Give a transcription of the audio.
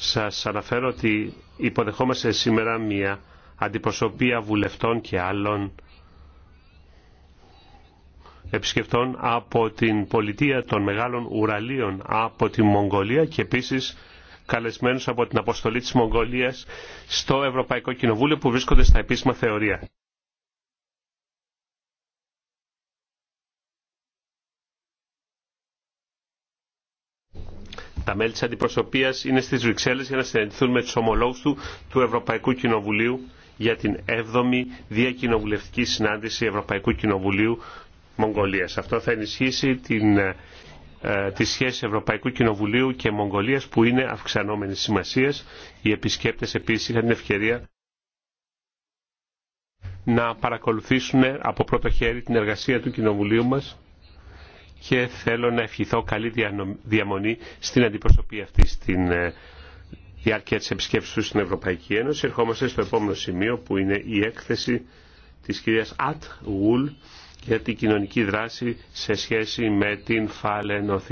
Σας αναφέρω ότι υποδεχόμαστε σήμερα μια αντιπροσωπεία βουλευτών και άλλων επισκεφτών από την πολιτεία των μεγάλων ουραλίων από τη Μογγολία και επίσης καλεσμένους από την αποστολή της Μογγολίας στο Ευρωπαϊκό Κοινοβούλιο που βρίσκονται στα επίσημα θεωρία. Τα μέλη της αντιπροσωπείας είναι στις Βρυξέλλες για να συναντηθούν με τους ομολόγους του, του Ευρωπαϊκού Κοινοβουλίου για την 7η Διακοινοβουλευτική Συνάντηση Ευρωπαϊκού Κοινοβουλίου Μογγολίας. Αυτό θα ενισχύσει την, ε, ε τη σχέση Ευρωπαϊκού Κοινοβουλίου και Μογγολίας που είναι αυξανόμενη σημασία. Οι επισκέπτε επίση είχαν την ευκαιρία να παρακολουθήσουν από πρώτο χέρι την εργασία του Κοινοβουλίου μας και θέλω να ευχηθώ καλή διαμονή στην αντιπροσωπή αυτή στην ε, διάρκεια της επισκέψης του στην Ευρωπαϊκή Ένωση. Ερχόμαστε στο επόμενο σημείο που είναι η έκθεση της κυρίας Ατ Γουλ για την κοινωνική δράση σε σχέση με την φαλαινοθή.